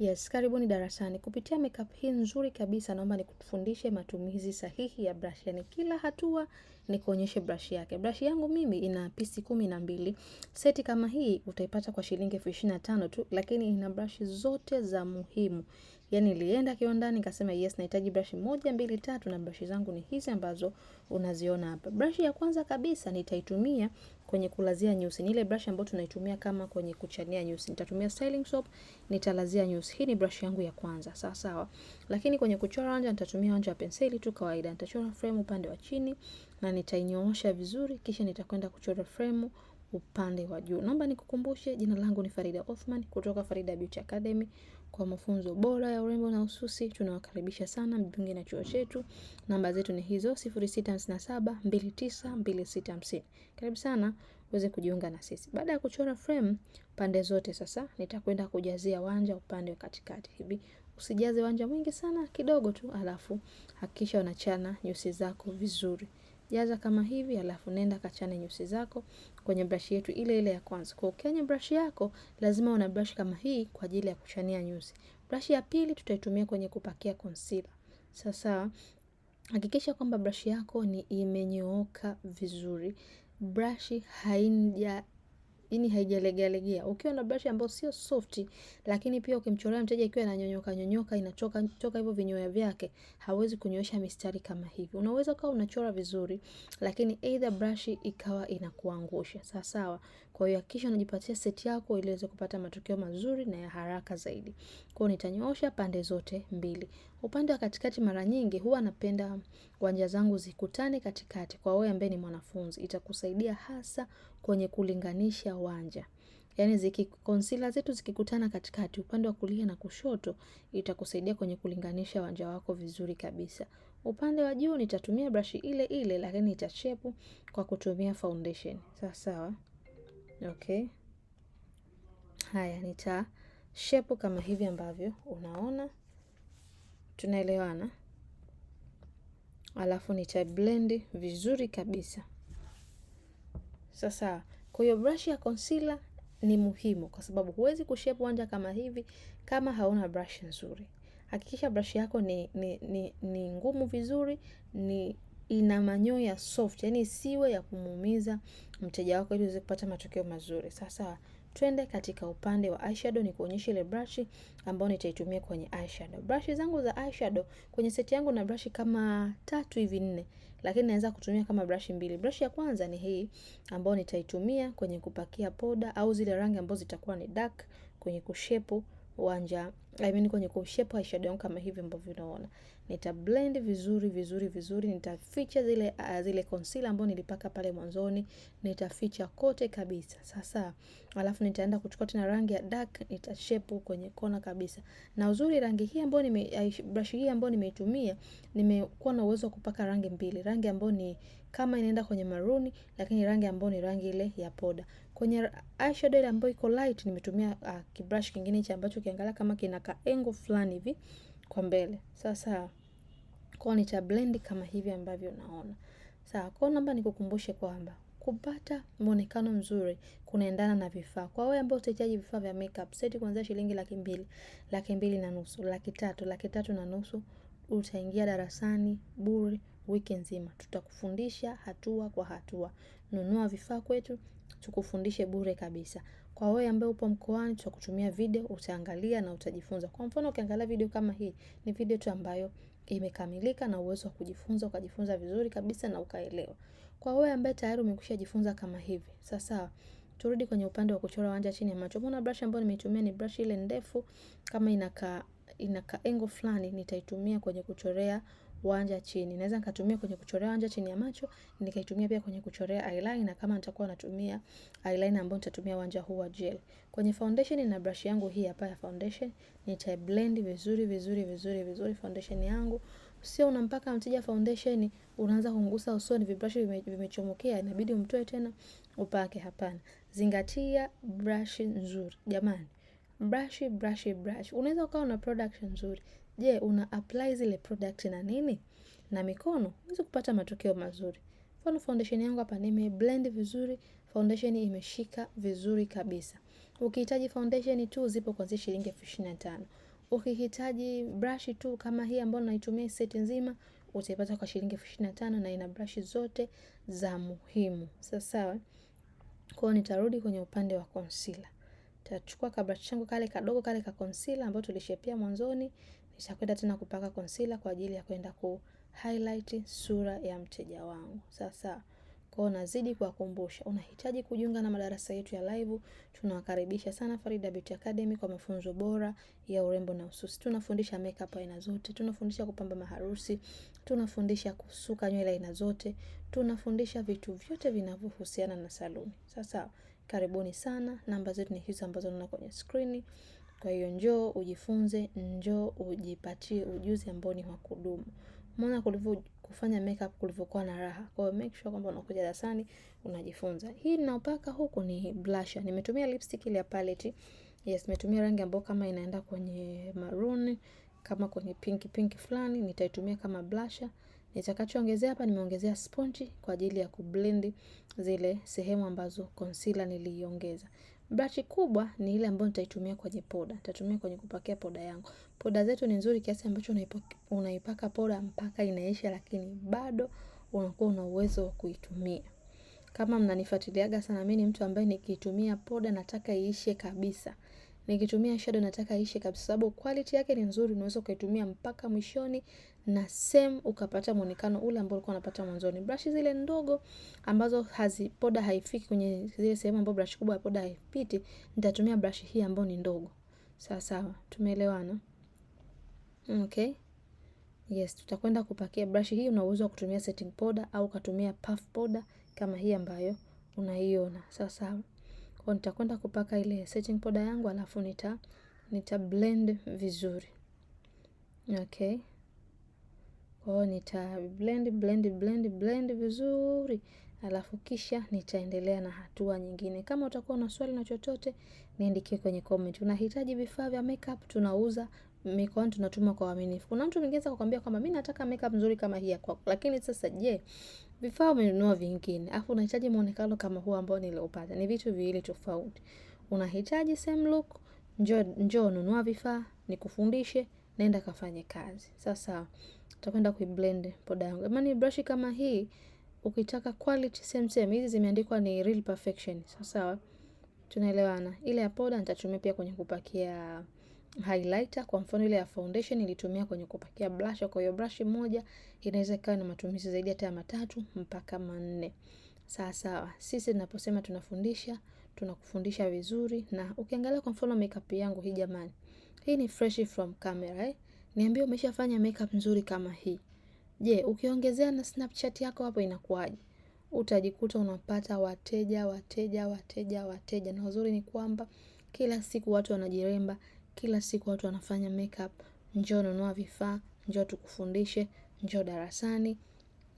Yes, karibuni darasani. Kupitia makeup hii nzuri kabisa, naomba nikufundishe matumizi sahihi ya brush. Yani kila hatua nikuonyeshe brush yake. Brush yangu mimi ina pisi kumi na mbili. Seti kama hii utaipata kwa shilingi elfu ishirini na tano tu, lakini ina brush zote za muhimu. Yani nilienda kiwandani nikasema yes, nahitaji brush moja, mbili, tatu na brush zangu ni hizi ambazo unaziona hapa. Brush ya kwanza kabisa nitaitumia kwenye kulazia nyusi. Ni ile brush ambayo tunaitumia kama kwenye kuchania nyusi. Nitatumia styling soap, nitalazia nyusi. Hii ni brush yangu ya kwanza. Sawa sawa. Lakini kwenye kuchora wanja nitatumia wanja wa penseli tu kawaida. Nitachora frame upande wa chini na nitainyoosha vizuri kisha nitakwenda kuchora frame upande wa juu. Naomba nikukumbushe, jina langu ni Farida Othman kutoka Farida Beauty Academy kwa mafunzo bora ya urembo na ususi. Tunawakaribisha sana mjiunge na chuo chetu. Namba zetu ni hizo 0657292650. Karibu sana uweze kujiunga na sisi. Baada ya kuchora frame pande zote, sasa nitakwenda kujazia wanja upande wa katikati hivi. Usijaze wanja mwingi sana, kidogo tu, alafu hakikisha unachana nyusi zako vizuri jaza kama hivi, alafu nenda kachane nyusi zako kwenye brashi yetu ile ile ya kwanza. Kwa ukenye brashi yako lazima una brashi kama hii kwa ajili ya kuchania nyusi. Brashi ya pili tutaitumia kwenye kupakia concealer. Sasa hakikisha kwamba brashi yako ni imenyooka vizuri, brashi haija yani haijalegea legea. Ukiwa na brush ambayo sio soft, lakini pia ukimchorea mteja ikiwa inanyonyoka nyonyoka inachoka choka hivyo vinyoya vyake, hawezi kunyoosha mistari kama hivi. Unaweza kuwa unachora vizuri, lakini either brush ikawa inakuangusha. Sawa sawa. Kwa hiyo hakikisha unajipatia seti yako ili uweze kupata matokeo mazuri na ya haraka zaidi. Kwa hiyo nitanyoosha pande zote mbili. Upande wa katikati mara nyingi huwa napenda wanja zangu zikutane katikati kwa wewe ambaye ni mwanafunzi. Itakusaidia hasa kwenye kulinganisha wanja. Yaani ziki concealer zetu zikikutana katikati upande wa kulia na kushoto itakusaidia kwenye kulinganisha wanja wako vizuri kabisa. Upande wa juu nitatumia brush ile ile lakini nitachepu kwa kutumia foundation. Sawa sawa. Okay. Haya nita shape kama hivi ambavyo unaona. Tunaelewana. Alafu nita blend vizuri kabisa. Sasa kwa hiyo brush ya concealer ni muhimu kwa sababu huwezi kushape wanja kama hivi kama hauna brush nzuri. Hakikisha brush yako ni, ni, ni, ni ngumu vizuri, ni ina manyoya soft, yani siwe ya kumuumiza mteja wako ili uweze kupata matokeo mazuri. sasa sawa. Twende katika upande wa eyeshadow ni kuonyesha ile brush ambayo nitaitumia kwenye eyeshadow. Brush zangu za eyeshadow kwenye seti yangu na brush kama tatu hivi nne, lakini naweza kutumia kama brush mbili. Brush ya kwanza ni hii ambayo nitaitumia kwenye kupakia poda au zile rangi ambazo zitakuwa ni dark kwenye kushepu wanja I mean kwenye ku shape eyeshadow yangu kama hivi ambavyo unaona, nita blend vizuri vizuri vizuri, nitaficha zile uh, zile concealer ambayo nilipaka pale mwanzoni, nitaficha kote kabisa. Sasa alafu nitaenda kuchukua tena rangi ya dark, nita shape kwenye kona kabisa. Na uzuri rangi hii ambayo nime uh, brush hii ambayo nimeitumia, nimekuwa na uwezo wa kupaka rangi mbili, rangi ambayo ni kama inaenda kwenye maroon, lakini rangi ambayo ni rangi ile ya poda. Kwenye eyeshadow ile ambayo iko light nimetumia uh, kibrush kingine cha ambacho kiangalia kama kina ka engo fulani hivi kwa mbele. Sasa ni cha blend kama hivi ambavyo unaona. Sawa, kwa namba nikukumbushe kwamba kupata muonekano mzuri kunaendana na vifaa. Kwa wewe ambao utahitaji vifaa vya makeup seti kuanzia shilingi laki mbili, laki mbili na nusu, laki tatu, laki tatu na nusu, utaingia darasani bure wiki nzima, tutakufundisha hatua kwa hatua. Nunua vifaa kwetu tukufundishe bure kabisa. Kwa wewe ambaye upo mkoani, tutakutumia video, utaangalia na utajifunza. Kwa mfano ukiangalia video kama hii, ni video tu ambayo imekamilika na uwezo wa kujifunza, ukajifunza vizuri kabisa na ukaelewa. Kwa wewe ambaye tayari umekwishajifunza kama hivi. Sasa turudi kwenye upande wa kuchora wanja chini ya macho. Mbona brush ambayo nimeitumia ni brush ile ndefu kama inaka inaka engo fulani nitaitumia kwenye kuchorea wanja chini. Naweza nikatumia kwenye kuchorea wanja chini ya macho, nikaitumia pia kwenye kuchorea eyeliner kama nitakuwa natumia eyeliner ambayo nitatumia wanja huu wa gel. Kwenye foundation na brush yangu hii hapa ya foundation, nita blend vizuri vizuri vizuri vizuri foundation yangu. Sio unampaka mteja foundation unaanza kungusa usoni, vibrush vimechomokea, inabidi umtoe tena upake. Hapana, zingatia brush nzuri jamani. Brush, brush, brush. Unaweza ukawa na product nzuri. Je, una apply zile product na nini? Na mikono, uweze kupata matokeo mazuri. Mfano foundation yangu hapa nime blend vizuri, foundation imeshika vizuri kabisa. Ukihitaji foundation tu zipo kuanzia shilingi elfu ishirini na tano. Ukihitaji brush tu kama hii ambayo naitumia seti nzima utaipata kwa shilingi elfu ishirini na tano na ina brush zote za muhimu. Sawa sawa. Kwa nitarudi kwenye upande wa concealer. Tachukua kablashi changu kale kadogo kale ka concealer ambayo tulishepia mwanzoni, nitakwenda tena kupaka concealer kwa ajili ya kwenda ku highlight sura ya mteja wangu. Sasa kwa nazidi kuwakumbusha, unahitaji kujiunga na madarasa yetu ya live. Tunawakaribisha sana Farida Beauty Academy kwa mafunzo bora ya urembo na ususi. Tunafundisha makeup aina zote, tunafundisha kupamba maharusi, tunafundisha kusuka nywele aina zote, tunafundisha vitu vyote vinavyohusiana na saluni. Sasa Karibuni sana, namba zetu ni hizo ambazo unaona kwenye skrini. Kwa hiyo njoo ujifunze, njoo ujipatie ujuzi ambao ni wa kudumu. Umeona kulivyo kufanya makeup kulivyokuwa na raha. Kwa hiyo make sure kwamba unakuja darasani unajifunza. Hii ninayopaka huku ni blusher. Nimetumia lipstick ile ya palette. Yes, nimetumia rangi ambayo kama inaenda kwenye maroon, kama kwenye pinki pinki fulani, nitaitumia kama blusher. Nitakachoongezea hapa nimeongezea sponge kwa ajili ya kublend zile sehemu ambazo concealer niliiongeza. Brush kubwa ni ile ambayo nitaitumia kwenye poda. Nitatumia kwenye kupakia poda yangu. Poda zetu ni nzuri kiasi ambacho unaipaka poda mpaka inaisha lakini bado unakuwa una uwezo wa kuitumia. Kama mnanifuatiliaga sana mimi ni mtu ambaye nikitumia poda nataka iishe kabisa. Nikitumia shadow nataka ishe kabisa, sababu quality yake ni nzuri, unaweza ukaitumia mpaka mwishoni na same ukapata muonekano ule ambao ulikuwa unapata mwanzoni. Brush zile ndogo ambazo hazi poda haifiki kwenye zile sehemu ambapo brush kubwa ya poda haipiti, nitatumia brush hii ambayo ni ndogo. Sawa sawa, tumeelewana? Okay. Yes, tutakwenda kupakia brush hii. Una uwezo wa kutumia setting powder au ukatumia puff powder kama hii ambayo unaiona. Sawa sawa. Kwa nitakwenda kupaka ile setting powder yangu alafu nita nita blend vizuri. Okay. Kwa hiyo nita blend blend blend blend vizuri. Alafu kisha nitaendelea na hatua nyingine. Kama utakuwa na swali na chochote, niandikie kwenye comment. Unahitaji vifaa vya makeup, tunauza mikoani, tunatuma kwa waminifu Kuna mtu mwingine kukwambia kwamba mimi nataka makeup nzuri kama hii ya kwako, lakini sasa je, Vifaa umenunua vingine, afu unahitaji muonekano kama huu ambao niliupata. Ni vitu viwili tofauti. Unahitaji same look, njoo njoo nunua vifaa, nikufundishe, nenda kafanye kazi. Sasa tutakwenda kuiblend poda yangu. Imani brush kama hii ukitaka quality same same, hizi zimeandikwa ni real perfection. Sawa Tunaelewana. Ile ya poda nitatumia pia kwenye kupakia highlighter kwa mfano ile ya foundation ilitumia kwenye kupakia blush. Kwa hiyo brush moja inaweza ikawa na matumizi zaidi hata ya matatu mpaka manne. Sawa sawa, sisi tunaposema tunafundisha, tunakufundisha vizuri. Na ukiangalia kwa mfano makeup yangu hii jamani, hii ni fresh from camera eh? Niambie umeshafanya makeup nzuri kama hii? Je, ukiongezea na snapchat yako hapo inakuwaje? Utajikuta unapata wateja wateja wateja wateja, na uzuri ni kwamba kila siku watu wanajiremba. Kila siku watu wanafanya makeup, njoo nunua vifaa, njoo tukufundishe, njoo darasani.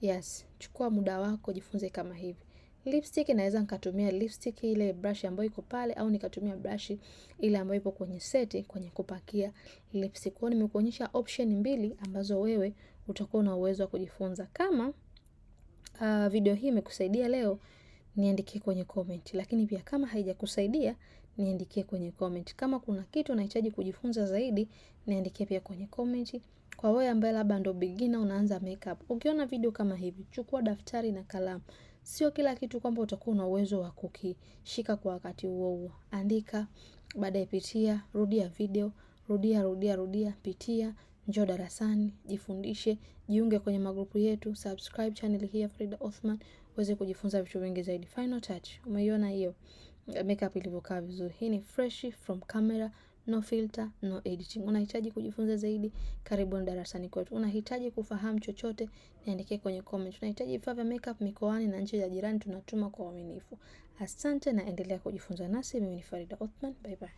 Yes, chukua muda wako jifunze kama hivi. Lipstick naweza nikatumia lipstick ile brush ambayo iko pale au nikatumia brush ile ambayo ipo kwenye seti kwenye kupakia lipstick. Kwa nimekuonyesha option mbili ambazo wewe utakuwa na uwezo wa kujifunza. Kama uh, video hii imekusaidia leo, niandikie kwenye comment. Lakini pia kama haijakusaidia niandikie kwenye comment. Kama kuna kitu unahitaji kujifunza zaidi, niandikie pia kwenye comment. Kwa wewe ambaye labda ndo beginner unaanza makeup, ukiona video kama hivi, chukua daftari na kalamu. Sio kila kitu kwamba utakuwa na uwezo wa kukishika kwa wakati huo huo. Andika, baadaye pitia, rudia video, rudia rudia rudia, pitia, njoo darasani, jifundishe, jiunge kwenye magrupu yetu, subscribe channel hii ya Frida Othman uweze kujifunza vitu vingi zaidi. Final touch, umeiona hiyo? makeup ilivyokaa vizuri. Hii ni fresh from camera, no filter, no editing. Unahitaji kujifunza zaidi? na darasani kwetu. Unahitaji kufahamu chochote? Niandikie kwenye comment. Unahitaji vifaa vya makeup mikoani na nchi za jirani? Tunatuma kwa uaminifu. Asante na endelea kujifunza nasi. Mimi ni Farida Othman, bye bye.